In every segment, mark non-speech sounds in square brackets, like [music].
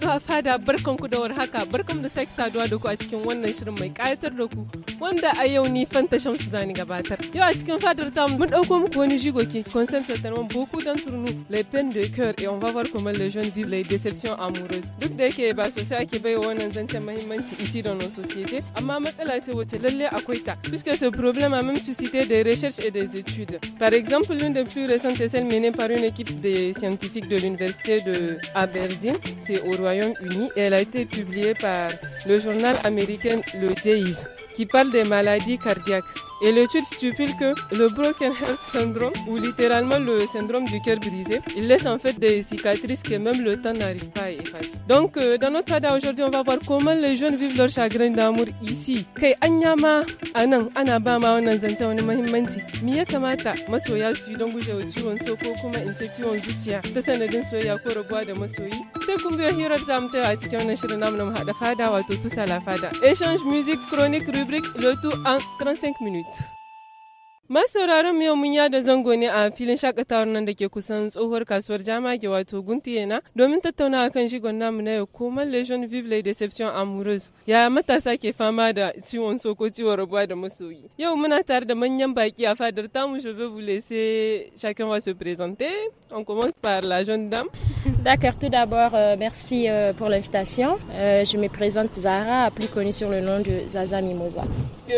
Not al'ada ku da warhaka barkan da sake saduwa da ku a cikin wannan shirin mai kayatar da ku wanda a yau ni fanta shamsu ni gabatar yau a cikin fadar ta mun dauko muku wani jigo ke concerne certainement beaucoup d'entre nous les peines de coeur et on va voir comment les jeunes vivent les déceptions amoureuses duk da yake ba sosai ake bai wannan zancen muhimmanci ici dans nos sociétés amma matsala ce wacce lalle akwai ta puisque ce problème a même suscité des recherches et des études par exemple l'une des plus récentes est celle menée par une équipe de scientifiques de l'université de Aberdeen c'est au Royaume-Uni et elle a été publiée par le journal américain Le Jays, qui parle des maladies cardiaques. Et l'étude stupide que le Broken Heart Syndrome, ou littéralement le syndrome du cœur brisé, il laisse en fait des cicatrices que même le temps n'arrive pas à effacer. Donc, euh, dans notre cadre aujourd'hui, on va voir comment les jeunes vivent leur chagrin d'amour ici. anyama sai kungiyar biyo hirar da ta a cikin wannan shirin namu na haɗa fada wato tusa la fada. Exchange music chronic rubric lotu an 35 minutes. masauraran yau mun yada zango ne a filin shakatawar nan da ke kusan tsohuwar kasuwar jamage wato guntiyena domin tattauna kan shigon namu na yau kuma lesion vive les deception amoureuse ya matasa ke fama da ciwon soko ciwon rabuwa da masoyi yau muna tare da manyan baki a fadar tamu je vais vous laisser chacun va se présenter on commence par la jeune dame [laughs] D'accord, tout d'abord, euh, merci euh, pour l'invitation. Euh, je me présente Zara, plus connue sur le nom de Zaza Mimosa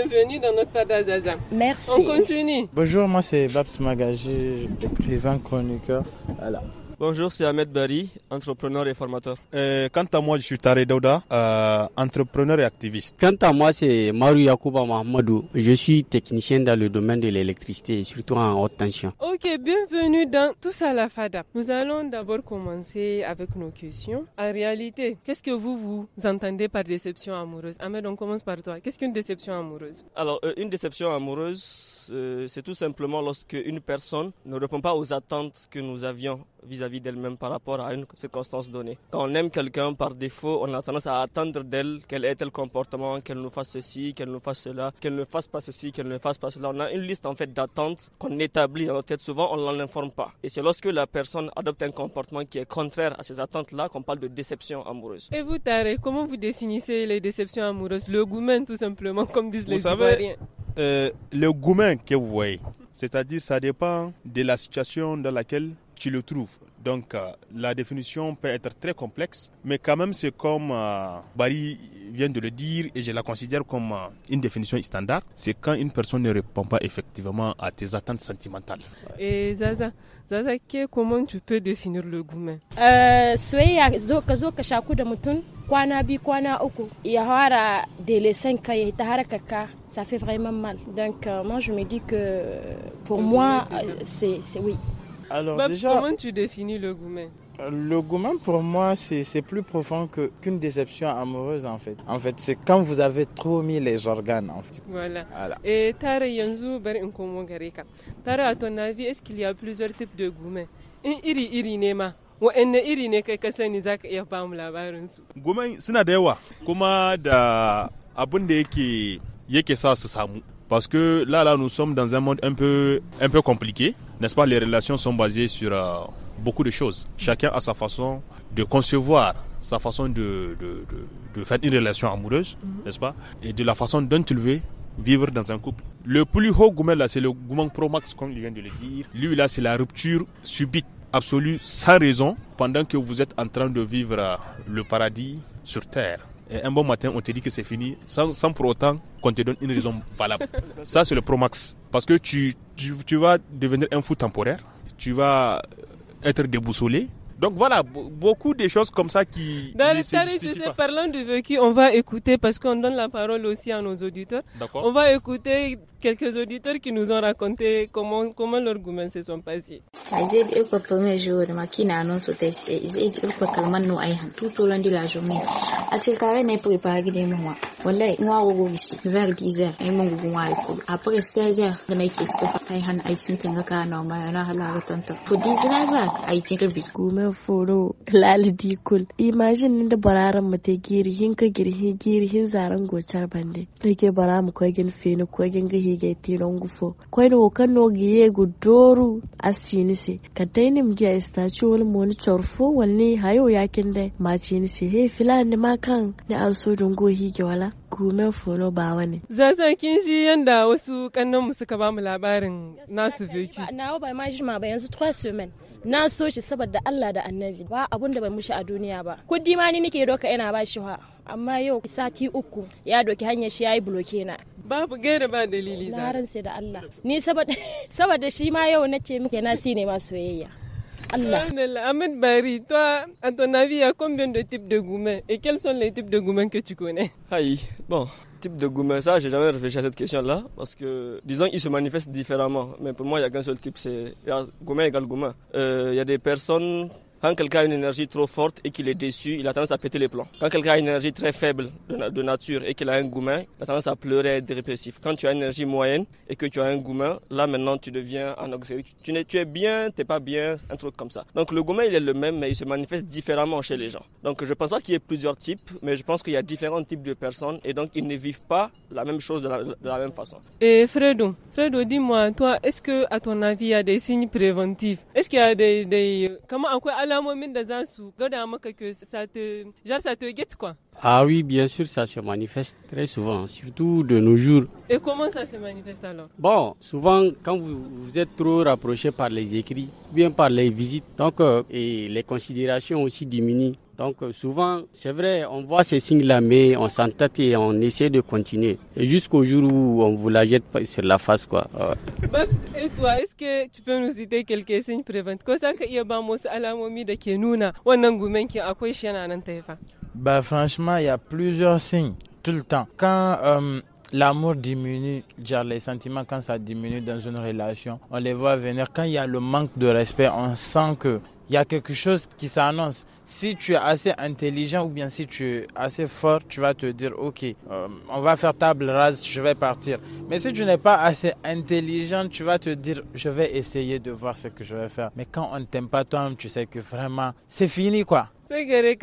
bienvenue dans notre Zaza. Merci. On continue. Bonjour, moi c'est Babs Magaji, écrivain chroniqueur. Voilà. Bonjour, c'est Ahmed Bari, entrepreneur et formateur. Euh, quant à moi, je suis Taré Dauda, euh, entrepreneur et activiste. Quant à moi, c'est Maru Yakuba Mahmoudou. Je suis technicien dans le domaine de l'électricité, surtout en haute tension. Ok, bienvenue dans Tous à la FADA. Nous allons d'abord commencer avec nos questions. En réalité, qu'est-ce que vous vous entendez par déception amoureuse Ahmed, on commence par toi. Qu'est-ce qu'une déception amoureuse Alors, euh, une déception amoureuse, c'est tout simplement lorsque une personne ne répond pas aux attentes que nous avions vis-à-vis d'elle-même par rapport à une circonstance donnée. Quand on aime quelqu'un par défaut, on a tendance à attendre d'elle qu'elle ait tel comportement, qu'elle nous fasse ceci, qu'elle nous fasse cela, qu'elle ne fasse pas ceci, qu'elle ne fasse pas cela. On a une liste en fait d'attentes qu'on établit dans notre tête. Souvent, on l'en informe pas. Et c'est lorsque la personne adopte un comportement qui est contraire à ces attentes-là qu'on parle de déception amoureuse. Et vous, Tarek, comment vous définissez les déceptions amoureuses Le goumen, tout simplement, comme disent vous les savez, euh, le goumen que vous voyez, c'est-à-dire ça dépend de la situation dans laquelle tu le trouves. Donc euh, la définition peut être très complexe, mais quand même c'est comme euh, Barry vient de le dire et je la considère comme euh, une définition standard, c'est quand une personne ne répond pas effectivement à tes attentes sentimentales. Et Zaza, Zaza, comment tu peux définir le goût kwana uku ça fait vraiment mal. Donc moi je me dis que pour moi c'est oui alors bah, déjà, comment tu définis le gourmet euh, le gourmet, pour moi, c'est plus profond qu'une déception amoureuse, en fait. En fait, c'est quand vous avez trop mis les organes, en fait. Voilà. Et Tara Yanzu, Tara, à ton avis, est-ce qu'il y a plusieurs types de gourmet Iri Iri Nema. waɗanne iri ne kai ka sani da yawa kuma da Parce que là, là, nous sommes dans un monde un peu, un peu compliqué n'est-ce pas, les relations sont basées sur euh, beaucoup de choses. Chacun a sa façon de concevoir, sa façon de, faire une relation amoureuse, mhm. n'est-ce pas, et de la façon dont vivre dans un couple. Le plus haut gourmet, là, c'est le gourmand pro-max, comme il vient de le dire. Lui, là, c'est la rupture subite, absolue, sans raison, pendant que vous êtes en train de vivre euh, le paradis sur terre un bon matin, on te dit que c'est fini, sans, pour autant qu'on te donne une raison valable. [laughs] Ça, c'est le Promax. Parce que tu, tu vas devenir un fou temporaire, tu vas être déboussolé, donc voilà, beaucoup de choses comme ça qui. Dans les je sais, parlant de vécu, on va écouter, parce qu'on donne la parole aussi à nos auditeurs. On va écouter quelques auditeurs qui nous ont raconté comment, comment leurs gourmands se sont passés. au de la journée. après foro lali dikul imagine da bararan mu te girhin ka girhi girhin zaran gocar bande take bara mu ko gin fini ko gin gahi ga tiran gufo ko no kan no giye gu doru asini se ka taini mu statue wal mon chorfo wal ni hayo yakin dai ma chini se he filan ma kan ni arso dungo hi wala gumen fono ba wani. Zazan kin ji yanda wasu kannanmu suka bamu labarin nasu biki. Na ba ma ma ba yanzu 3 semaine. Na so shi saboda Allah da Annabi. Ba abun da bai mushi a duniya ba. Kudi ma ni nake doka ina ba shi wa. Amma yau sati uku ya doki hanyar shi ya yi bloke na. Babu gaira ba dalili za. Na sai da Allah. Ni saboda [laughs] shi ma yau nace muke na si ne ma soyayya. Ahmed Barry. toi, à ton avis, il y a combien de types de gourmets et quels sont les types de gourmets que tu connais Aïe, bon, type de Goumins, ça, j'ai jamais réfléchi à cette question-là parce que, disons, ils se manifestent différemment. Mais pour moi, il n'y a qu'un seul type, c'est Goumins égale gourmets. Il y a des personnes quand quelqu'un a une énergie trop forte et qu'il est déçu, il a tendance à péter les plombs. Quand quelqu'un a une énergie très faible de, nature et qu'il a un goumin, il a tendance à pleurer et être dépressif. Quand tu as une énergie moyenne et que tu as un goumin, là maintenant tu deviens en Tu, es, tu es bien, tu n'es pas bien, un truc comme ça. Donc le goumin, il est le même, mais il se manifeste différemment chez les gens. Donc je pense pas qu'il y ait plusieurs types, mais je pense qu'il y a différents types de personnes et donc ils ne vivent pas la même chose de la, même façon. Et Fredo, Fredo, dis-moi, toi, est-ce que à ton avis, il y a des signes préventifs Est-ce qu'il y a des, comment en quoi ça Ah oui, bien sûr, ça se manifeste très souvent, surtout de nos jours. Et comment ça se manifeste alors Bon, souvent quand vous, êtes trop rapproché par les écrits, bien par les visites, donc euh, et les considérations aussi diminuent. Donc euh, souvent, c'est vrai, on voit ces signes-là, mais on s'entête et on essaie de continuer. Jusqu'au jour où on vous la jette sur la face, quoi. Ah et toi, est-ce que tu peux nous citer quelques signes préventifs franchement, il y a plusieurs signes tout le temps. Quand euh, L'amour diminue, genre les sentiments quand ça diminue dans une relation, on les voit venir. Quand il y a le manque de respect, on sent que il y a quelque chose qui s'annonce. Si tu es assez intelligent ou bien si tu es assez fort, tu vas te dire, ok, euh, on va faire table rase, je vais partir. Mais si tu n'es pas assez intelligent, tu vas te dire, je vais essayer de voir ce que je vais faire. Mais quand on ne t'aime pas toi tu sais que vraiment, c'est fini quoi. c'est-à-dire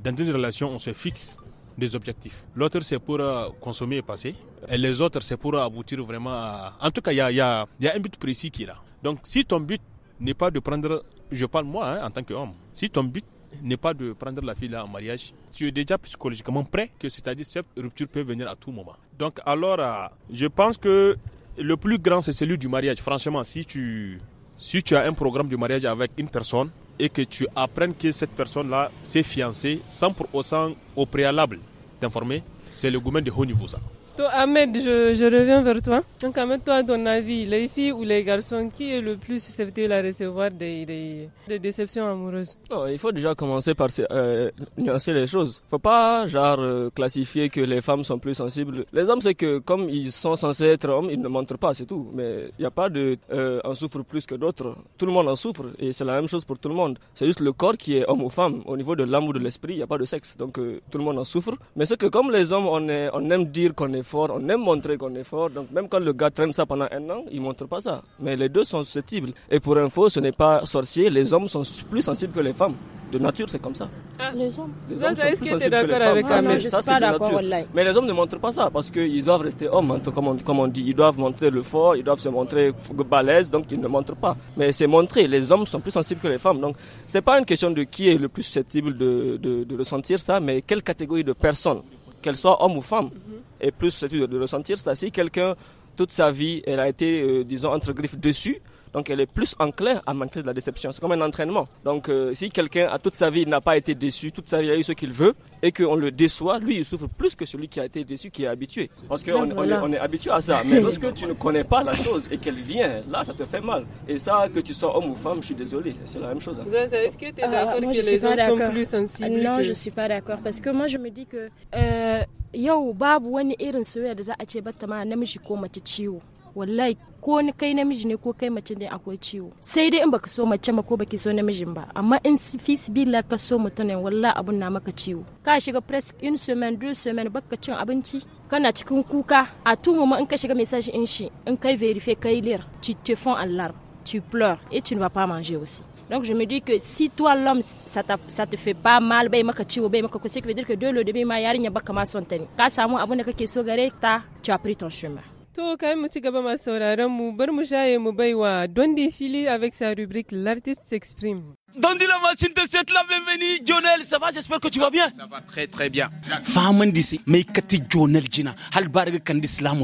dans une relation on se fixe des objectifs. L'autre, c'est pour euh, consommer et passer. Et les autres, c'est pour euh, aboutir vraiment à... En tout cas, il y a, un but précis qui est là. Donc, si ton but n'est pas de prendre, je parle moi hein, en tant qu'homme, si ton but n'est pas de prendre la fille en mariage, tu es déjà psychologiquement prêt que c'est-à-dire cette rupture peut venir à tout moment. Donc alors, euh, je pense que le plus grand c'est celui du mariage. Franchement, si tu si tu as un programme de mariage avec une personne, et que tu apprennes que cette personne-là s'est fiancée sans pour au préalable t'informer, c'est le gouvernement de haut niveau ça. Ahmed, je, reviens vers toi. Donc, Ahmed, toi, ton avis, les filles ou les garçons, qui est le plus susceptible à recevoir des, des, déceptions amoureuses non, Il faut déjà commencer par euh, nuancer les choses. faut pas, genre, euh, classifier que les femmes sont plus sensibles. Les hommes, c'est que comme ils sont censés être hommes, ils ne montrent pas, c'est tout. Mais il n'y a pas de euh, en souffre plus que d'autres. Tout le monde en souffre et c'est la même chose pour tout le monde. C'est juste le corps qui est homme ou femme. Au niveau de l'âme ou de l'esprit, il n'y a pas de sexe. Donc, euh, tout le monde en souffre. Mais c'est que comme les hommes, on, est, on aime dire qu'on est fort, on aime montrer qu'on est fort. Donc même quand le gars traîne ça pendant un an, il montre pas ça. Mais les deux sont susceptibles. Et pour info, ce n'est pas sorcier, les hommes sont plus sensibles que les femmes. De nature, c'est comme ça. Ah. les hommes. Les hommes ce sont plus sensibles que les femmes. Ah, ça, suis pas d'accord. Mais les hommes ne montrent pas ça parce qu'ils doivent rester hommes, hein, comme on, comme on dit. Ils doivent montrer le fort, ils doivent se montrer balèzes, donc ils ne montrent pas. Mais c'est montré. Les hommes sont plus sensibles que les femmes. Donc c'est pas une question de qui est le plus susceptible de, de, de ressentir ça, mais quelle catégorie de personnes qu'elle soit homme ou femme, et plus c'est de, ressentir ça. Si quelqu'un, toute sa vie, elle a été, euh, disons, entre griffes dessus, donc elle est plus enclin à manifester de la déception. C'est comme un entraînement. Donc euh, si quelqu'un à toute sa vie n'a pas été déçu, toute sa vie a eu ce qu'il veut et qu'on le déçoit, lui il souffre plus que celui qui a été déçu, qui est habitué. Parce qu'on on, est, habitué à ça. Mais [laughs] lorsque tu ne connais pas la chose et qu'elle vient, là ça te fait mal. Et ça, que tu sois homme ou femme, je suis désolé, c'est la même chose. Hein. Est-ce que tu es ah, d'accord que les gens sont plus sensibles Non, je je suis pas d'accord parce que moi je me dis que wallahi ko ni kai namiji ne ko kai mace ne akwai ciwo sai dai in baka so mace ma ko baki so namijin ba amma in fi bila ka so mutum wallahi abun na maka ciwo ka shiga press in semaine deux semaine baka cin abinci kana cikin kuka a ma in ka shiga message in shi in kai verify kai lire tu te font en larmes tu pleures et tu ne vas pas manger aussi donc je me dis que si toi l'homme ça, ça te fait pas mal bai maka ciwo bai maka ko sai ka dire que dole da bai ma yarinya baka ma son ka samu abun da kake so gare ta tu as pris ton chemin To kai mu ci gaba masu sauraron mu bar mu shaye mu baiwa Dondi Fili avec sa rubrique l'artiste s'exprime. Dandy la machine de souhaite la bienvenue. Jonel, ça va J'espère que tu vas bien. Ça va très très bien. d'ici, mais kati Jonel Jina, halbarga kandis la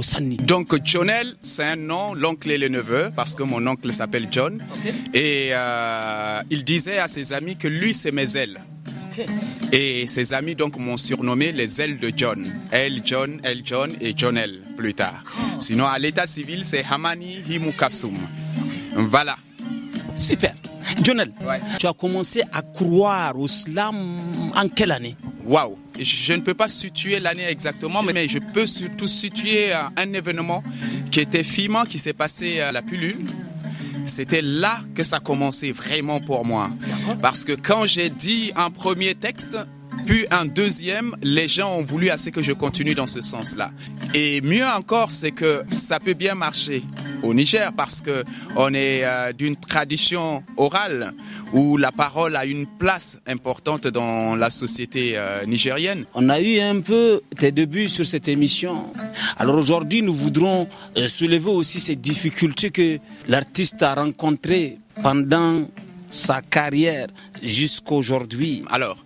Donc Jonel, c'est un nom, l'oncle et le neveu, parce que mon oncle s'appelle John. Et euh, il disait à ses amis que lui, c'est mes ailes. Et ses amis donc m'ont surnommé les ailes de John. Elle John, elle John et Jonel, plus tard. Oh. Sinon à l'état civil c'est Hamani Himukasum. Voilà. Super. Jonel, tu as commencé à croire au slam en quelle année Waouh Je ne peux pas situer l'année exactement, mais je peux surtout situer un événement qui était filmant, qui s'est passé à la Pulu. C'était là que ça commençait vraiment pour moi. Parce que quand j'ai dit un premier texte, puis un deuxième, les gens ont voulu assez que je continue dans ce sens-là. Et mieux encore, c'est que ça peut bien marcher au Niger parce que on est euh, d'une tradition orale où la parole a une place importante dans la société euh, nigérienne. On a eu un peu tes débuts sur cette émission. Alors aujourd'hui, nous voudrons euh, soulever aussi ces difficultés que l'artiste a rencontrées pendant sa carrière jusqu'aujourd'hui Alors,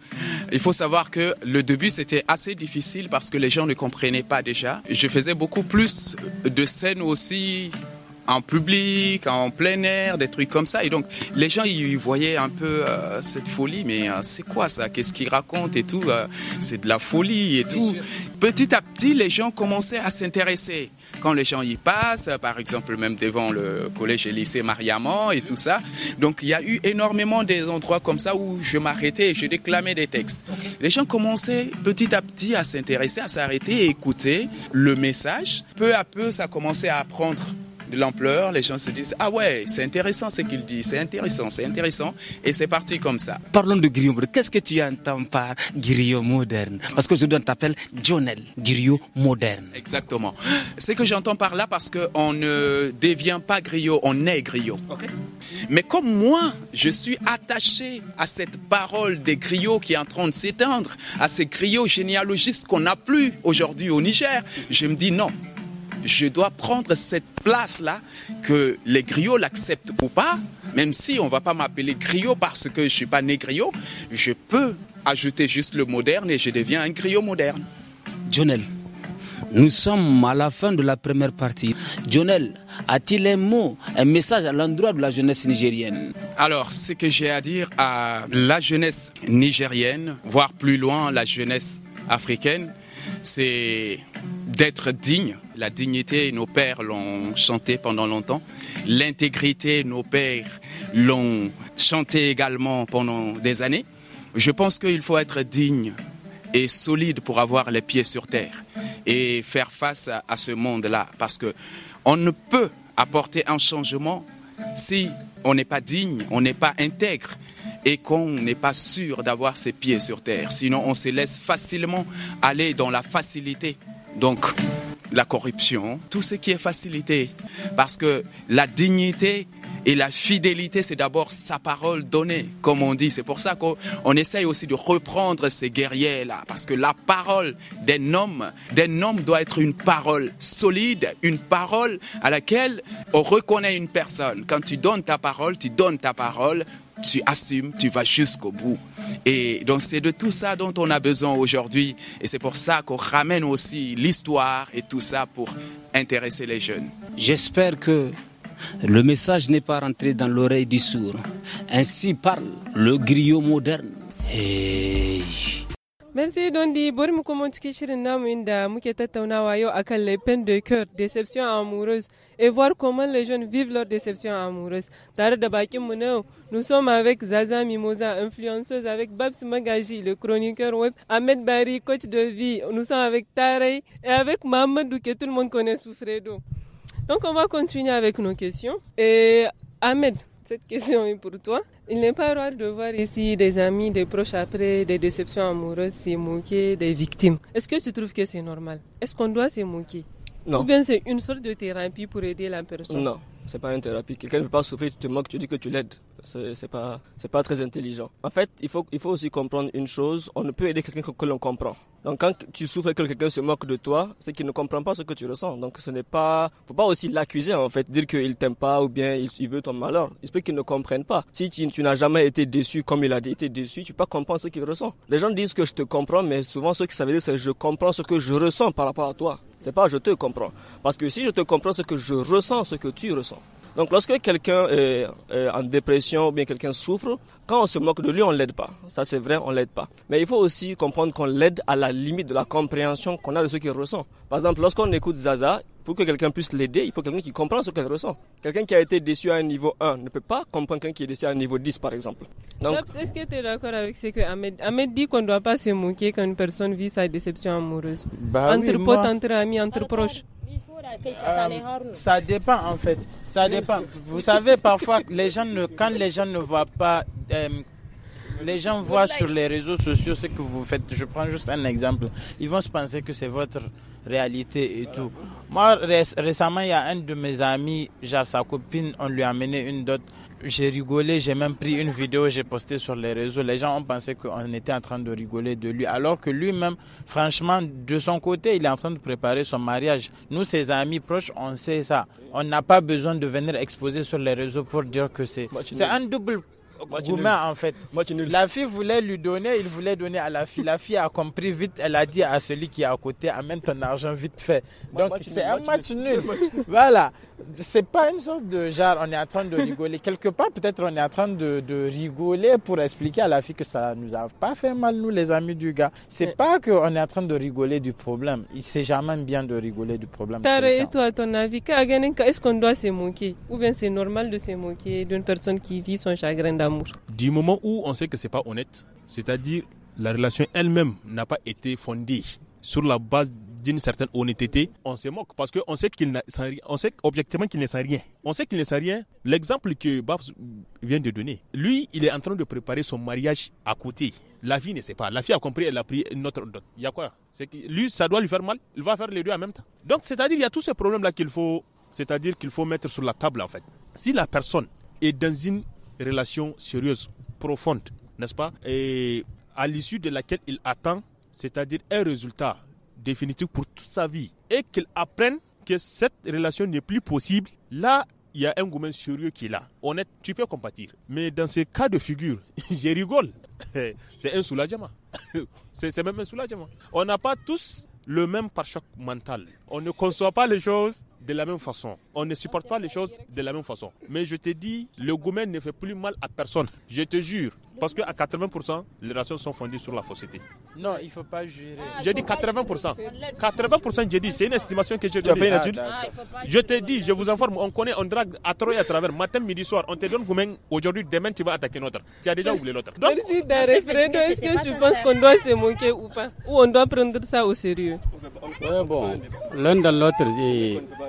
il faut savoir que le début c'était assez difficile parce que les gens ne comprenaient pas déjà. Je faisais beaucoup plus de scènes aussi en public, en plein air, des trucs comme ça. Et donc, les gens, ils voyaient un peu euh, cette folie, mais euh, c'est quoi ça Qu'est-ce qu'ils racontent et tout euh, C'est de la folie et tout. Petit à petit, les gens commençaient à s'intéresser. Quand les gens y passent, par exemple, même devant le collège et lycée Mariamont et tout ça. Donc, il y a eu énormément des endroits comme ça où je m'arrêtais et je déclamais des textes. Les gens commençaient petit à petit à s'intéresser, à s'arrêter et écouter le message. Peu à peu, ça commençait à apprendre de l'ampleur, les gens se disent Ah ouais, c'est intéressant ce qu'il dit, c'est intéressant, c'est intéressant, et c'est parti comme ça. Parlons de griot Qu'est-ce que tu entends par griot moderne Parce que je on t'appelle Jonel, griot moderne. Exactement. Ce que j'entends par là, parce qu'on ne devient pas griot, on est griot. Mais comme moi, je suis attaché à cette parole des griots qui est en train de s'éteindre, à ces griots généalogistes qu'on n'a plus aujourd'hui au Niger, je me dis non, je dois prendre cette place-là, que les griots l'acceptent ou pas, même si on ne va pas m'appeler griot parce que je ne suis pas né griot, je peux ajouter juste le moderne et je deviens un griot moderne. Jonel, nous sommes à la fin de la première partie. Jonel, a-t-il un mot, un message à l'endroit de la jeunesse nigérienne Alors, ce que j'ai à dire à la jeunesse nigérienne, voire plus loin la jeunesse africaine, c'est d'être digne. La dignité, nos pères l'ont chanté pendant longtemps. L'intégrité, nos pères l'ont chanté également pendant des années. Je pense qu'il faut être digne et solide pour avoir les pieds sur terre et faire face à ce monde-là. Parce que on ne peut apporter un changement si on n'est pas digne, on n'est pas intègre et qu'on n'est pas sûr d'avoir ses pieds sur terre. Sinon, on se laisse facilement aller dans la facilité donc, la corruption, tout ce qui est facilité, parce que la dignité et la fidélité, c'est d'abord sa parole donnée, comme on dit. C'est pour ça qu'on essaye aussi de reprendre ces guerriers-là, parce que la parole d'un homme, d'un homme doit être une parole solide, une parole à laquelle on reconnaît une personne. Quand tu donnes ta parole, tu donnes ta parole, tu assumes, tu vas jusqu'au bout. Et donc c'est de tout ça dont on a besoin aujourd'hui. Et c'est pour ça qu'on ramène aussi l'histoire et tout ça pour intéresser les jeunes. J'espère que le message n'est pas rentré dans l'oreille du sourd. Ainsi parle le griot moderne. Merci Dondi. Bari mu kuma cikin shirin namu inda muke tattaunawa yau akan les peines de cœur, déception amoureuse et voir comment les jeunes vivent leur déception amoureuse. Tare nous sommes avec Zaza Mimosa, influenceuse avec Babs Magaji, le chroniqueur web, Ahmed Bari, coach de vie. Nous sommes avec Tarei et avec Mamadou que tout le monde connaît sous Fredo. Donc on va continuer avec nos questions. Et Ahmed, cette question est pour toi. Il n'est pas rare de voir ici des amis, des proches après des déceptions amoureuses se moquer des victimes. Est-ce que tu trouves que c'est normal Est-ce qu'on doit se moquer Non. Ou bien c'est une sorte de thérapie pour aider la personne Non, c'est pas une thérapie. Quelqu'un ne peut pas souffrir, tu te moques, tu dis que tu l'aides c'est pas pas très intelligent. En fait, il faut aussi comprendre une chose, on ne peut aider quelqu'un que, l'on comprend. Donc quand tu souffres et que quelqu'un se moque de toi, c'est qu'il ne comprend pas ce que tu ressens. Donc ce n'est pas faut pas aussi l'accuser en fait, dire qu'il t'aime pas ou bien il, veut ton malheur. Il se peut qu'il ne comprenne pas. Si tu, n'as jamais été déçu comme il a été déçu, tu peux pas comprendre ce qu'il ressent. Les gens disent que je te comprends, mais souvent ce que ça veut dire c'est je comprends ce que je ressens par rapport à toi. C'est pas je te comprends. Parce que si je te comprends, c'est que je ressens ce que tu ressens. Donc lorsque quelqu'un est, en dépression ou bien quelqu'un souffre, quand on se moque de lui, on l'aide pas. Ça c'est vrai, on l'aide pas. Mais il faut aussi comprendre qu'on l'aide à la limite de la compréhension qu'on a de ce qu'il ressent. Par exemple, lorsqu'on écoute Zaza, pour que quelqu'un puisse l'aider, il faut quelqu'un qui comprend ce qu'elle ressent. Quelqu'un qui a été déçu à un niveau 1 ne peut pas comprendre quelqu'un qui est déçu à un niveau 10, par exemple. est-ce que tu es d'accord avec ce que Ahmed, Ahmed dit qu'on ne doit pas se moquer quand une personne vit sa déception amoureuse bah Entre potes, entre amis, entre proches. Euh, ça dépend en fait. Ça dépend. Vous savez, parfois, les gens ne, quand les gens ne voient pas. Euh, les gens voient sur les réseaux sociaux ce que vous faites. Je prends juste un exemple. Ils vont se penser que c'est votre réalité et tout. Moi, récemment, il y a un de mes amis, genre sa copine, on lui a amené une dot. J'ai rigolé, j'ai même pris une vidéo, j'ai posté sur les réseaux. Les gens ont pensé qu'on était en train de rigoler de lui, alors que lui-même, franchement, de son côté, il est en train de préparer son mariage. Nous, ses amis proches, on sait ça. On n'a pas besoin de venir exposer sur les réseaux pour dire que c'est. C'est un double en fait. La fille voulait lui donner, il voulait donner à la fille. La fille a compris vite, elle a dit à celui qui est à côté, amène ton argent vite fait. Donc c'est un match nul. [laughs] Voilà. C'est pas une sorte de genre, on est en train de rigoler. Quelque part, peut-être on est en train de, rigoler pour expliquer à la fille que ça nous a pas fait mal, nous les amis du gars. C'est pas qu'on est en train de rigoler du problème. Il sait jamais bien de rigoler du problème. et toi, ton avis, est-ce qu'on doit se moquer Ou bien c'est normal de se moquer d'une personne qui vit son chagrin d'amour du moment où on sait que c'est pas honnête, c'est-à-dire la relation elle-même n'a pas été fondée sur la base d'une certaine honnêteté, on se moque parce qu'on sait qu'il on sait objectivement qu'il ne sait rien. On sait qu'il ne sait rien. L'exemple que Babs vient de donner, lui, il est en train de préparer son mariage à côté. La fille ne sait pas. La fille a compris, elle a pris une autre Il y a quoi C'est que lui, ça doit lui faire mal. Il va faire les deux en même temps. Donc, c'est-à-dire, il y a tous ces problèmes-là qu'il faut, c'est-à-dire qu'il faut mettre sur la table, en fait. Si la personne est dans une relation sérieuse, profonde, n'est-ce pas Et à l'issue de laquelle il attend, c'est-à-dire un résultat définitif pour toute sa vie, et qu'il apprenne que cette relation n'est plus possible, là, il y a un gourmet sérieux qui est là. Honnête, tu peux compatir. Mais dans ce cas de figure, [laughs] je rigole. [laughs] C'est un soulagement. [laughs] C'est même un soulagement. On n'a pas tous le même par choc mental. On ne conçoit pas les choses de la même façon. On ne supporte pas les choses de la même façon. Mais je te dis, le goumen ne fait plus mal à personne. Je te jure, parce qu'à 80%, les relations sont fondées sur la fausseté. Non, il ne faut pas jurer. Ah, j'ai dit 80%. 80%, j'ai dit, c'est une estimation que j'ai une étude ah, Je te dis, je vous informe, on connaît, on drague à trop et à travers, matin, midi, soir. On te donne Goumen, aujourd'hui, demain, tu vas attaquer notre. Tu as déjà oublié l'autre. Donc, Merci ah, est-ce que tu penses qu'on doit se moquer ou pas Ou on doit prendre ça au sérieux bon, l'un dans l'autre,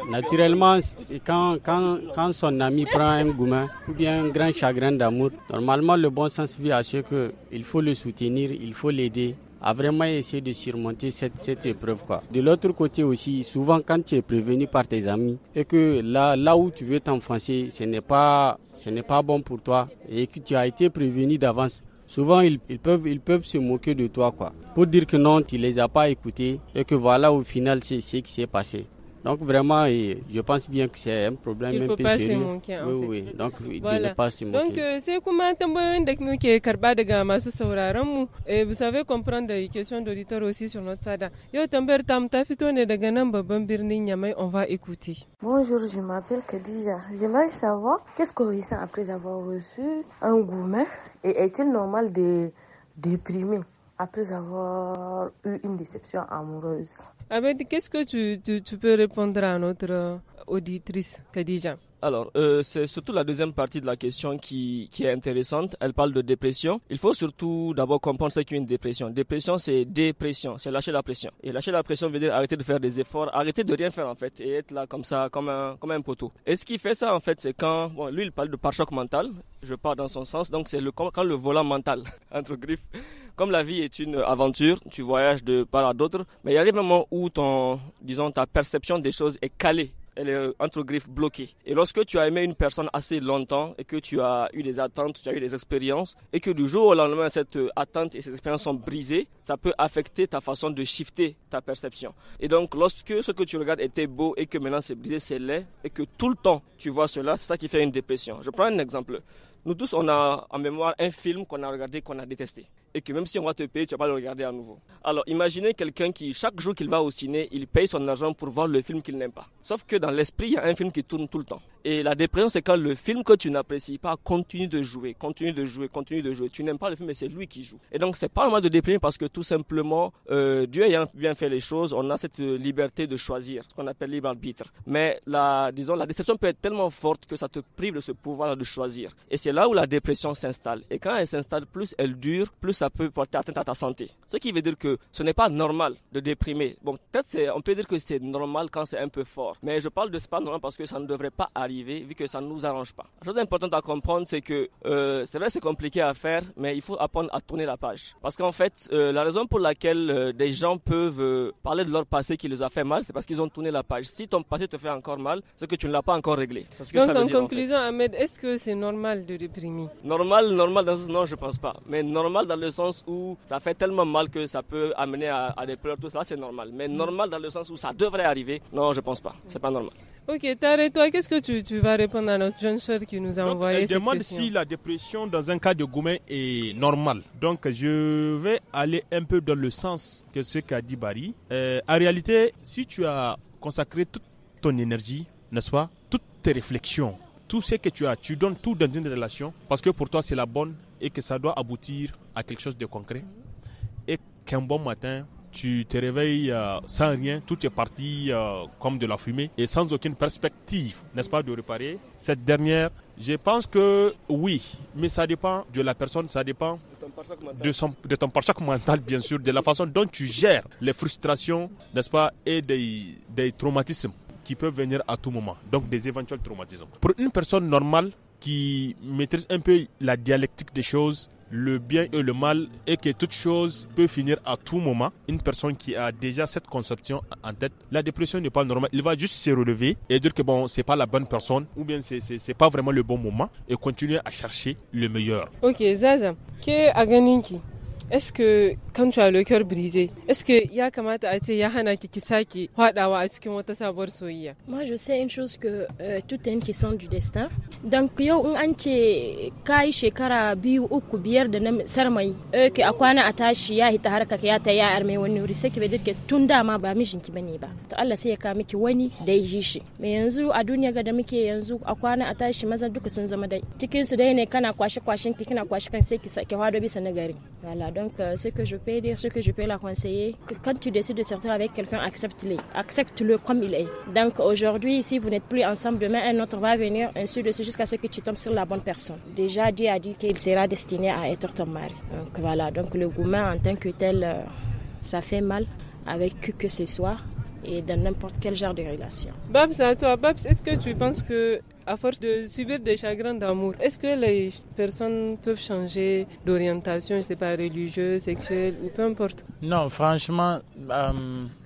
Naturellement, quand, quand, quand son ami prend un gourmand ou bien un grand chagrin d'amour, normalement le bon sens vit à ce qu'il faut le soutenir, il faut l'aider à vraiment essayer de surmonter cette, cette épreuve. Quoi. De l'autre côté aussi, souvent quand tu es prévenu par tes amis et que là, là où tu veux t'enfoncer, ce n'est pas, ce n'est pas bon pour toi et que tu as été prévenu d'avance, souvent ils, ils, peuvent, ils peuvent se moquer de toi quoi. Pour dire que non, tu les as pas écoutés et que voilà au final c'est ce qui s'est passé. Donc vraiment, je pense bien que c'est un problème il un faut pas sérieux. Se oui, oui, Donc il ne pas se manquer. Donc euh, c'est comment tambayoyin muke karba daga masu sauraron mu. Et vous savez comprendre les questions d'auditeurs aussi sur notre fada. Yo tambayar tam ta fito ne daga nan babban birnin on va écouter. Bonjour, je m'appelle Khadija. J'aimerais savoir qu'est-ce qu'on ressent après avoir reçu un gourmet et est-il normal de déprimer après avoir eu une déception amoureuse. Ahmed, qu'est-ce que tu, tu, peux répondre à notre auditrice Khadija alors, euh, c'est surtout la deuxième partie de la question qui, qui est intéressante. Elle parle de dépression. Il faut surtout d'abord comprendre ce qu'est une dépression. Dépression, c'est dépression, c'est lâcher la pression. Et lâcher la pression veut dire arrêter de faire des efforts, arrêter de rien faire en fait, et être là comme ça, comme un, comme un poteau. Et ce qui fait ça en fait, c'est quand, bon, lui il parle de pare-choc mental, je pars dans son sens, donc c'est le, quand le volant mental, [laughs] entre griffes comme la vie est une aventure, tu voyages de part à d'autre, mais il y a des moments où ton, disons, ta perception des choses est calée elle est euh, entre griffes bloquée. Et lorsque tu as aimé une personne assez longtemps et que tu as eu des attentes, tu as eu des expériences, et que du jour au lendemain, cette euh, attente et ces expériences sont brisées, ça peut affecter ta façon de shifter ta perception. Et donc, lorsque ce que tu regardes était beau et que maintenant c'est brisé, c'est laid, et que tout le temps tu vois cela, c'est ça qui fait une dépression. Je prends un exemple. Nous tous, on a en mémoire un film qu'on a regardé, qu'on a détesté et que même si on va te payer, tu vas pas le regarder à nouveau. Alors imaginez quelqu'un qui, chaque jour qu'il va au ciné, il paye son argent pour voir le film qu'il n'aime pas. Sauf que dans l'esprit, il y a un film qui tourne tout le temps. Et la dépression, c'est quand le film que tu n'apprécies pas continue de jouer, continue de jouer, continue de jouer. Tu n'aimes pas le film, mais c'est lui qui joue. Et donc, c'est pas le mode de déprimer parce que tout simplement, euh, Dieu ayant bien fait les choses, on a cette liberté de choisir, ce qu'on appelle libre arbitre. Mais la, disons, la déception peut être tellement forte que ça te prive de ce pouvoir de choisir. Et c'est là où la dépression s'installe. Et quand elle s'installe, plus elle dure, plus ça peut porter atteinte à ta santé. Ce qui veut dire que ce n'est pas normal de déprimer. Bon, peut-être on peut dire que c'est normal quand c'est un peu fort. Mais je parle de ce pas normal parce que ça ne devrait pas arriver vu que ça ne nous arrange pas. La chose importante à comprendre, c'est que euh, c'est vrai c'est compliqué à faire, mais il faut apprendre à tourner la page. Parce qu'en fait, euh, la raison pour laquelle euh, des gens peuvent parler de leur passé qui les a fait mal, c'est parce qu'ils ont tourné la page. Si ton passé te fait encore mal, c'est que tu ne l'as pas encore réglé. Que Donc en conclusion, Ahmed, est-ce que c'est normal de déprimer Normal, normal, dans... non, je pense pas. Mais normal dans le le sens où ça fait tellement mal que ça peut amener à, des pleurs, tout ça, c'est normal. Mais normal dans le sens où ça devrait arriver, non, je pense pas. C'est pas normal. Ok, tarrêtes toi qu'est-ce que tu, tu, vas répondre à notre jeune soeur qui nous a envoyé elle demande si la dépression dans un cas de Goumen, est normale. Donc, je vais aller un peu dans le sens que ce qu'a dit Barry. Euh, en réalité, si tu as consacré toute ton énergie, n'est-ce pas, toutes tes réflexions, tout ce que tu as, tu donnes tout dans une relation, parce que pour toi, c'est la bonne, et que ça doit aboutir à quelque chose de concret et qu'un bon matin, tu te réveilles euh, sans rien, tout est parti euh, comme de la fumée et sans aucune perspective, n'est-ce pas, de réparer cette dernière. Je pense que oui, mais ça dépend de la personne, ça dépend de, ton parcours mental, bien sûr, de la façon dont tu gères les frustrations, n'est-ce pas, et des, des traumatismes qui peuvent venir à tout moment, donc des éventuels traumatismes. Pour une personne normale, qui maîtrise un peu la dialectique des choses, le bien et le mal, et que toute chose peut finir à tout moment. Une personne qui a déjà cette conception en tête, la dépression n'est pas normale. Il va juste se relever et dire que bon, c'est pas la bonne personne, ou bien c'est pas vraiment le bon moment, et continuer à chercher le meilleur. Ok, Zaza, que est Eske kan a lokar brise, eske ya kamata a ce ya hana ki ki sake hadawa a cikin wata sabuwar soyayya? Moi je sais une chose que euh, tout est une question du destin. Donc yau in an ce kai shekara biyu uku biyar da na sarmai, eh ki a kwana a tashi ya hita harka ya ta ya arme wani wuri sai ki bai dake tun dama ba mijinki bane ba. To Allah sai ya ka miki wani da ya yi shi. Me yanzu a duniya ga da muke yanzu a kwana a tashi maza duka sun zama dai. Cikin su dai ne kana kwashe kwashen ki kina kwashe kan sai ki sake hado bisa na gari. Wala Donc, euh, ce que je peux dire, ce que je peux la conseiller, que quand tu décides de sortir avec quelqu'un, accepte-le. Accepte-le comme il est. Donc, aujourd'hui, si vous n'êtes plus ensemble, demain, un autre va venir, ainsi de suite, jusqu'à ce que tu tombes sur la bonne personne. Déjà, Dieu a dit qu'il sera destiné à être ton mari. Donc, voilà. Donc, le gourmand en tant que tel, euh, ça fait mal avec qui que ce soit et dans n'importe quel genre de relation. Babs, à toi. Babs, est-ce que tu penses que à force de subir des chagrins d'amour, est-ce que les personnes peuvent changer d'orientation, je sais pas, religieuse, sexuelle ou peu importe Non, franchement, euh,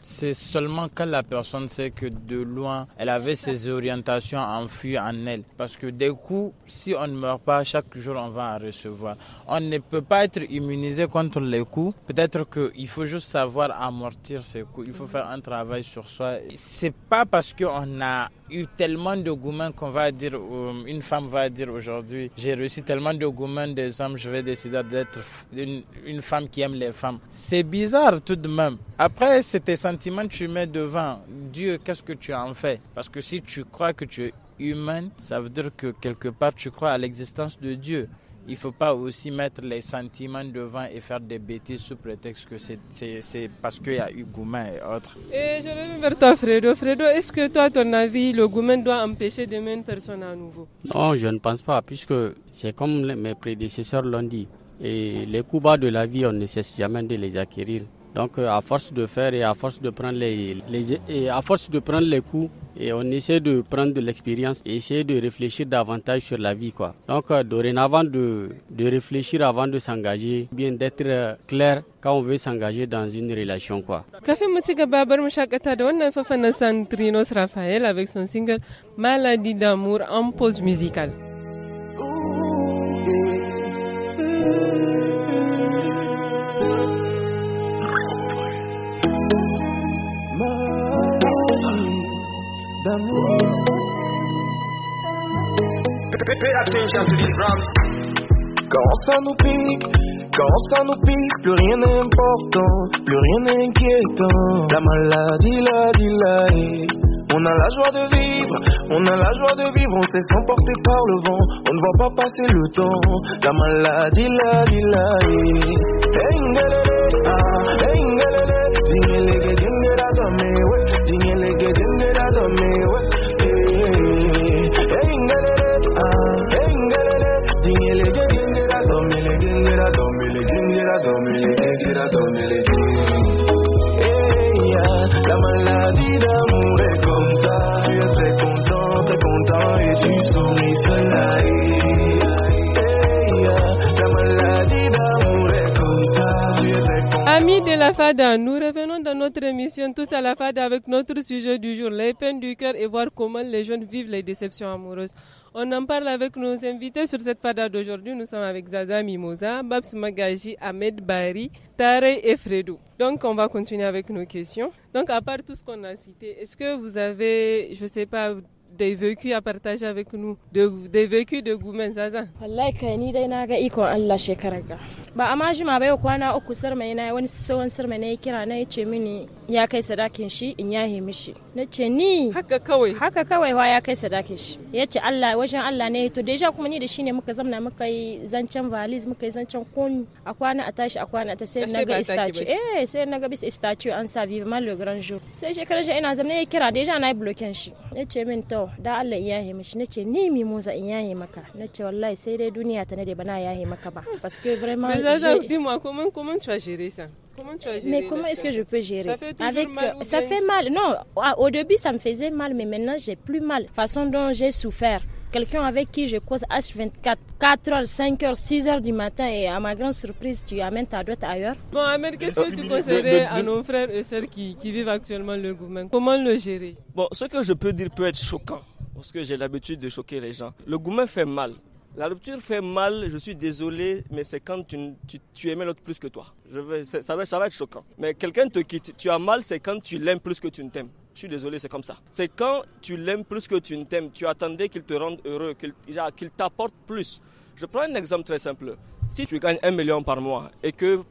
c'est seulement quand la personne sait que de loin, elle avait ses orientations enfuies en elle. Parce que des coups, si on ne meurt pas, chaque jour, on va en recevoir. On ne peut pas être immunisé contre les coups. Peut-être qu'il faut juste savoir amortir ces coups. Il faut faire un travail sur soi. C'est pas parce qu'on a eu tellement de gourmands qu'on va dire, euh, une femme va dire aujourd'hui, j'ai reçu tellement de des hommes, je vais décider d'être une, femme qui aime les femmes. C'est bizarre tout de même. Après, c'est tes sentiments tu mets devant. Dieu, qu'est-ce que tu en fais Parce que si tu crois que tu es humaine, ça veut dire que quelque part tu crois à l'existence de Dieu. Il ne faut pas aussi mettre les sentiments devant et faire des bêtises sous prétexte que c'est parce qu'il y a eu Goumen et autres. Et je reviens vers toi, Fredo. Fredo, est-ce que toi, à ton avis, le Goumen doit empêcher de mener une personne à nouveau Non, je ne pense pas, puisque c'est comme mes prédécesseurs l'ont dit. Et les coups bas de la vie, on ne cesse jamais de les acquérir. Donc euh, à force de faire et à force de prendre les, à force de prendre les coups et on essaie de prendre de l'expérience et essayer de réfléchir davantage sur la vie quoi. Donc euh, dorénavant de, de réfléchir avant de s'engager, bien d'être euh, clair quand on veut s'engager dans une relation quoi. Café mu Babar, avec son single Maladie d'amour en pause musicale. Quand ça nous pique, quand ça nous pique, plus rien n'est important, plus rien n'est inquiétant. La maladie, la dilaïe. On a la joie de vivre, on a la joie de vivre, on s'est s'emporter par le vent, on ne voit pas passer le temps. La maladie, la dilaïe. ah, eh, content, Amis de la FADA, nous dans notre émission Tous à la fade avec notre sujet du jour, les peines du cœur et voir comment les jeunes vivent les déceptions amoureuses. On en parle avec nos invités sur cette fada d'aujourd'hui. Nous sommes avec Zaza Mimosa, Babs Magaji, Ahmed Bari, Tarey et Fredou. Donc, on va continuer avec nos questions. Donc, à part tout ce qu'on a cité, est-ce que vous avez, je sais pas, des vécus à partager avec nous, de, des vécus de Goumen Zaza. Wallahi kai ni dai na ga Allah shekarar ga. Ba a majima ba yau kwana uku mai na wani tsohon mai na ya kira na ya ce mini ya kai sadakin shi in yahe mishi. Na ce ni. Haka kawai. Haka kawai wa ya kai sadakin shi. Ya ce Allah wajen Allah ne to deja kuma ni da shi ne muka zamna muka yi zancen valise muka yi zancen komi a kwana a tashi a kwana ta sai na ga istaci. Eh sai na ga bis istaci an sa vive mal le grand jour. Sai shekarar ina zamna ya kira deja na yi bloken shi. Ya ce min to to da Allah in yahe mishi nace ni mi muza in yahe maka nace wallahi sai dai duniya ta ne da bana yahe maka ba parce que vraiment mais ça dis-moi comment comment tu as géré ça Comment tu as géré mais comment est-ce que je peux gérer Ça fait, Avec, mal ça fait mal. Non, au début ça me faisait mal, mais maintenant j'ai plus mal. Façon dont j'ai souffert quelqu'un avec qui je cause H24, 4h, 5h, 6h du matin et à ma grande surprise, tu amènes ta droite ailleurs. Bon, Ahmed, qu'est-ce que tu euh, conseillerais à nos frères et sœurs qui, vivent actuellement le gouvernement Comment le gérer Bon, ce que je peux dire peut être choquant, parce que j'ai l'habitude de choquer les gens. Le gouvernement fait mal. La rupture fait mal, je suis désolé, mais c'est quand tu, tu, aimais l'autre plus que toi. Je ça, va, ça va être choquant. Mais quelqu'un te quitte, tu as mal, c'est quand tu l'aimes plus que tu ne t'aimes. Je suis désolé, c'est comme ça. C'est quand tu l'aimes plus que tu ne t'aimes, tu attendais qu'il te rende heureux, qu'il t'apporte plus. Je prends un exemple très simple. Si tu gagnes 1 million par mois et que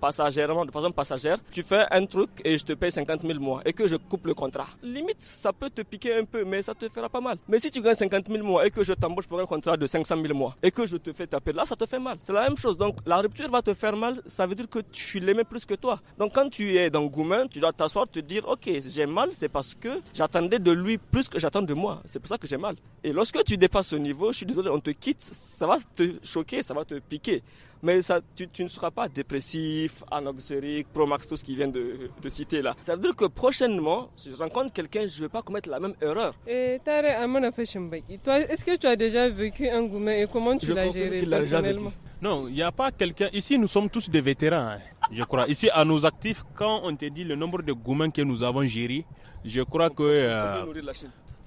passagèrement, de façon passagère, tu fais un truc et je te paye 50 000 mois et que je coupe le contrat, limite, ça peut te piquer un peu, mais ça te fera pas mal. Mais si tu gagnes 50 000 mois et que je t'embauche pour un contrat de 500 000 mois et que je te fais taper, là, ça te fait mal. C'est la même chose. Donc, la rupture va te faire mal, ça veut dire que tu l'aimais plus que toi. Donc, quand tu es dans Goumen, tu dois t'asseoir, te dire, ok, j'ai mal, c'est parce que j'attendais de lui plus que j'attends de moi. C'est pour ça que j'ai mal. Et lorsque tu dépasses ce niveau, je suis désolé, on te quitte, ça va te choquer, ça va te piquer. Mais ça, tu, ne seras pas dépressif, anoxérique, promax, tout ce qu'il vient de, citer là. Ça veut dire que prochainement, si je rencontre quelqu'un, je ne vais pas commettre la même erreur. Et eh, toi, est-ce que tu as déjà vécu un gourmet et comment tu l'as géré personnellement Non, il n'y a pas quelqu'un. Ici, nous sommes tous des vétérans. Hein, je crois. Ici, à nos actifs, quand on te dit le nombre de gourmands que nous avons gérés, je crois que... Euh,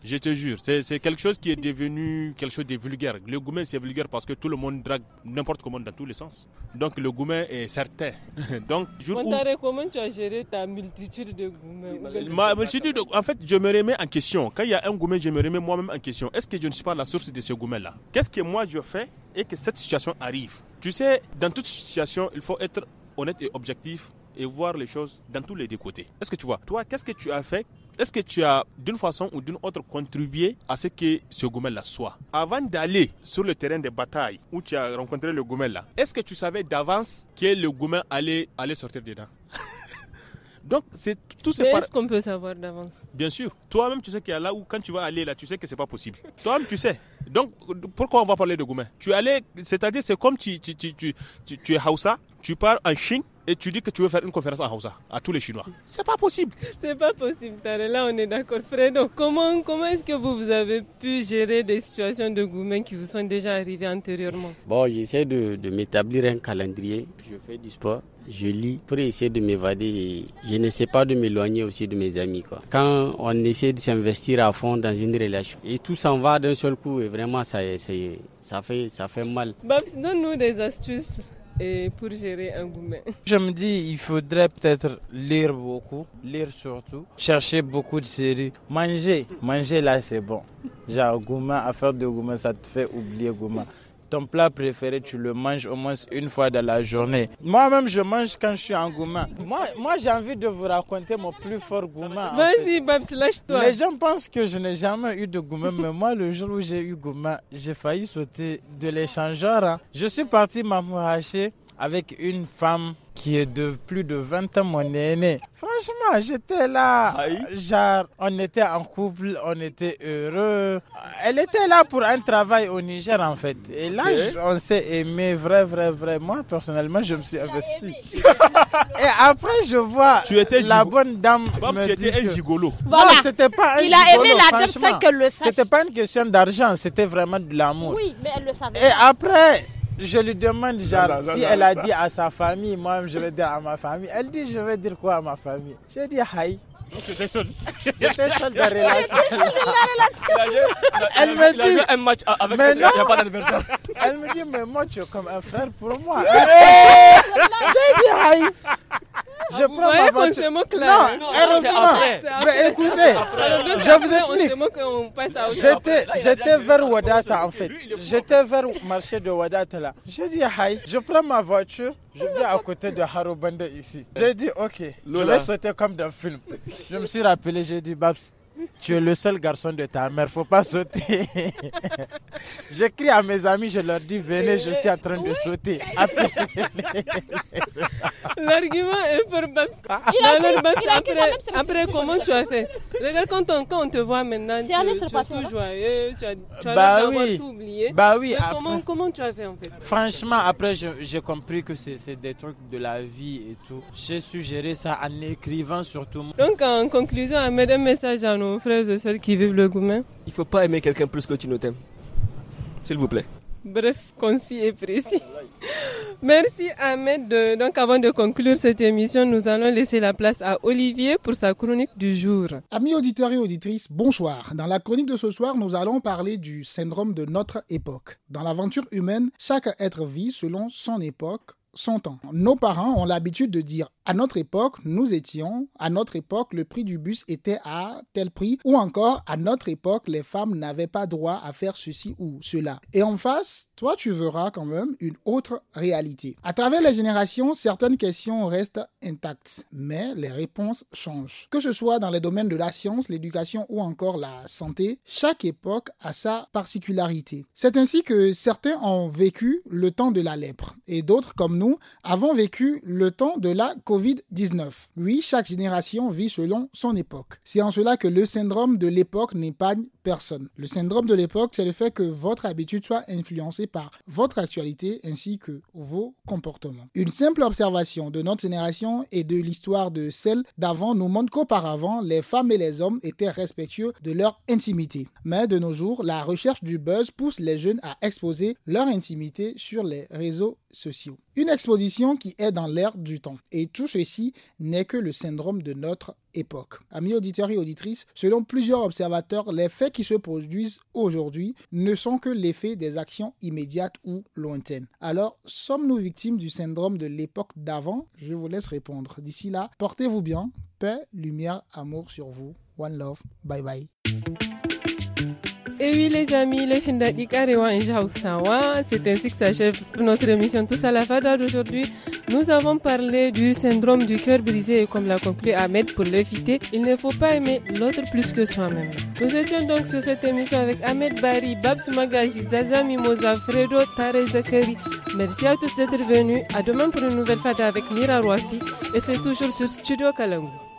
je te jure, c'est quelque chose qui est devenu quelque chose de vulgaire. Le goumet, c'est vulgaire parce que tout le monde drague n'importe comment dans tous les sens. Donc le goumet est certain. [laughs] Donc, jour où... comment tu as géré ta multitude de goumets Ma multitude, en fait, je me remets en question. Quand il y a un goumet, je me remets moi-même en question. Est-ce que je ne suis pas la source de ce goumet-là Qu'est-ce que moi je fais et que cette situation arrive Tu sais, dans toute situation, il faut être honnête et objectif et voir les choses dans tous les deux côtés. Est-ce que tu vois Toi, qu'est-ce que tu as fait est-ce que tu as d'une façon ou d'une autre contribué à ce que ce Gomel-là soit Avant d'aller sur le terrain de bataille où tu as rencontré le Gomel-là, est-ce que tu savais d'avance que le Gomel allait, allait sortir dedans [laughs] Donc, c'est tout ce Est-ce qu'on peut savoir d'avance Bien sûr. Toi-même, tu sais qu'il y a là où, quand tu vas aller là, tu sais que c'est pas possible. Toi-même, tu sais. Donc, pourquoi on va parler de Goumen Tu allais, c'est-à-dire, c'est comme tu, tu, tu, tu, tu, tu es Hausa, tu pars en Chine, et tu dis que tu veux faire une conférence à Hausa à tous les Chinois. C'est pas possible. [laughs] C'est pas possible, Là, on est d'accord, Fredo. Comment, comment est-ce que vous, avez pu gérer des situations de gourmet qui vous sont déjà arrivées antérieurement Bon, j'essaie de, de m'établir un calendrier. Je fais du sport, je lis pour essayer de m'évader. Je n'essaie pas de m'éloigner aussi de mes amis. Quoi. Quand on essaie de s'investir à fond dans une relation et tout s'en va d'un seul coup, et vraiment, ça, ça, ça, fait, ça fait mal. Babs, donne-nous des astuces et pour gérer un gourmet. [laughs] Je me dis, il faudrait peut-être lire beaucoup, lire surtout, chercher beaucoup de séries, manger. Manger là, c'est bon. Genre, gourmet, affaire de gourmet, ça te fait oublier gourmet ton plat préféré, tu le manges au moins une fois dans la journée. Moi-même, je mange quand je suis en gourmand. Moi, moi j'ai envie de vous raconter mon plus fort gourmand. Vas-y, Baptiste, lâche-toi. Les gens pensent que je n'ai jamais eu de gourmand, mais moi, le jour où j'ai eu gourmand, j'ai failli sauter de l'échangeur. Hein. Je suis parti m'amouracher avec une femme qui est de plus de 20 ans mon aîné. Franchement, j'étais là. Genre, on était en couple, on était heureux. Elle était là pour un travail au Niger en fait. Et là, on s'est aimé vrai, vrai, vrai. Moi, personnellement, je me suis investi. [laughs] Et après, je vois tu étais la bonne dame. tu étais un gigolo. Voilà. c'était pas un Il a aimé la dame sans qu'elle le sache. C'était pas une question d'argent, c'était vraiment de l'amour. Oui, mais elle le savait. Et après je lui demande, genre, si elle a dit à sa famille, moi je vais dire à ma famille. Elle dit, je vais dire quoi à ma famille Je dis, hi. J'étais seul. J'étais seul dans [laughs] la relation. Elle me dit. un match avec mais a [laughs] Elle me dit, mais moi, tu es comme un frère pour moi. [laughs] J'ai dit, hi je prends ma voiture. Non, heureusement. Mais écoutez, je vous explique. J'étais, j'étais vers Wadata en fait. J'étais vers le marché de Wadata là. Je dis hi, je prends ma voiture. Je viens à côté de Harobanda ici. J'ai dit ok, je vais comme dans le film. Je me suis rappelé, j'ai dit Babs, tu es le seul garçon de ta mère, faut pas sauter. [laughs] J'écris à mes amis, je leur dis venez, je suis en train de sauter. [laughs] L'argument est pour après, après, comment tu as fait Regarde, quand on, quand on te voit maintenant, tu, es tout hein. joyeux, tu as, tu as bah tout oublié. Bah oui, comment, comment tu as fait en fait Franchement, après, j'ai compris que c'est des trucs de la vie et tout. J'ai suggéré ça en écrivant surtout. Donc, en conclusion, à mettre un message à nos frères de qui vivent le gourmet. Il ne faut pas aimer quelqu'un plus que tu ne t'aimes. S'il vous plaît. Bref, concis et précis. Merci Ahmed. Donc avant de conclure cette émission, nous allons laisser la place à Olivier pour sa chronique du jour. Amis auditeurs et auditrices, bonsoir. Dans la chronique de ce soir, nous allons parler du syndrome de notre époque. Dans l'aventure humaine, chaque être vit selon son époque son temps. Nos parents ont l'habitude de dire à notre époque, nous étions, à notre époque, le prix du bus était à tel prix, ou encore à notre époque, les femmes n'avaient pas droit à faire ceci ou cela. Et en face, toi, tu verras quand même une autre réalité. À travers les générations, certaines questions restent intactes, mais les réponses changent. Que ce soit dans les domaines de la science, l'éducation ou encore la santé, chaque époque a sa particularité. C'est ainsi que certains ont vécu le temps de la lèpre, et d'autres comme nous, nous avons vécu le temps de la Covid-19. Oui, chaque génération vit selon son époque. C'est en cela que le syndrome de l'époque n'épargne personne. Le syndrome de l'époque, c'est le fait que votre habitude soit influencée par votre actualité ainsi que vos comportements. Une simple observation de notre génération et de l'histoire de celle d'avant nous montre qu'auparavant, les femmes et les hommes étaient respectueux de leur intimité. Mais de nos jours, la recherche du buzz pousse les jeunes à exposer leur intimité sur les réseaux sociaux. Une exposition qui est dans l'air du temps. Et tout ceci n'est que le syndrome de notre époque. Amis auditeurs et auditrices, selon plusieurs observateurs, les faits qui se produisent aujourd'hui ne sont que l'effet des actions immédiates ou lointaines. Alors, sommes-nous victimes du syndrome de l'époque d'avant Je vous laisse répondre. D'ici là, portez-vous bien. Paix, lumière, amour sur vous. One love. Bye bye. Et oui, les amis, les et Karewa Sawa. c'est ainsi que s'achève notre émission Tous à la Fada d'aujourd'hui. Nous avons parlé du syndrome du cœur brisé et comme l'a conclu Ahmed pour l'éviter, il ne faut pas aimer l'autre plus que soi-même. Nous étions donc sur cette émission avec Ahmed Bari, Babs Magaji, Zaza Mimosa, Fredo, Tare Zakari. Merci à tous d'être venus. À demain pour une nouvelle Fada avec Mira Rouafi et c'est toujours sur Studio Kalangu.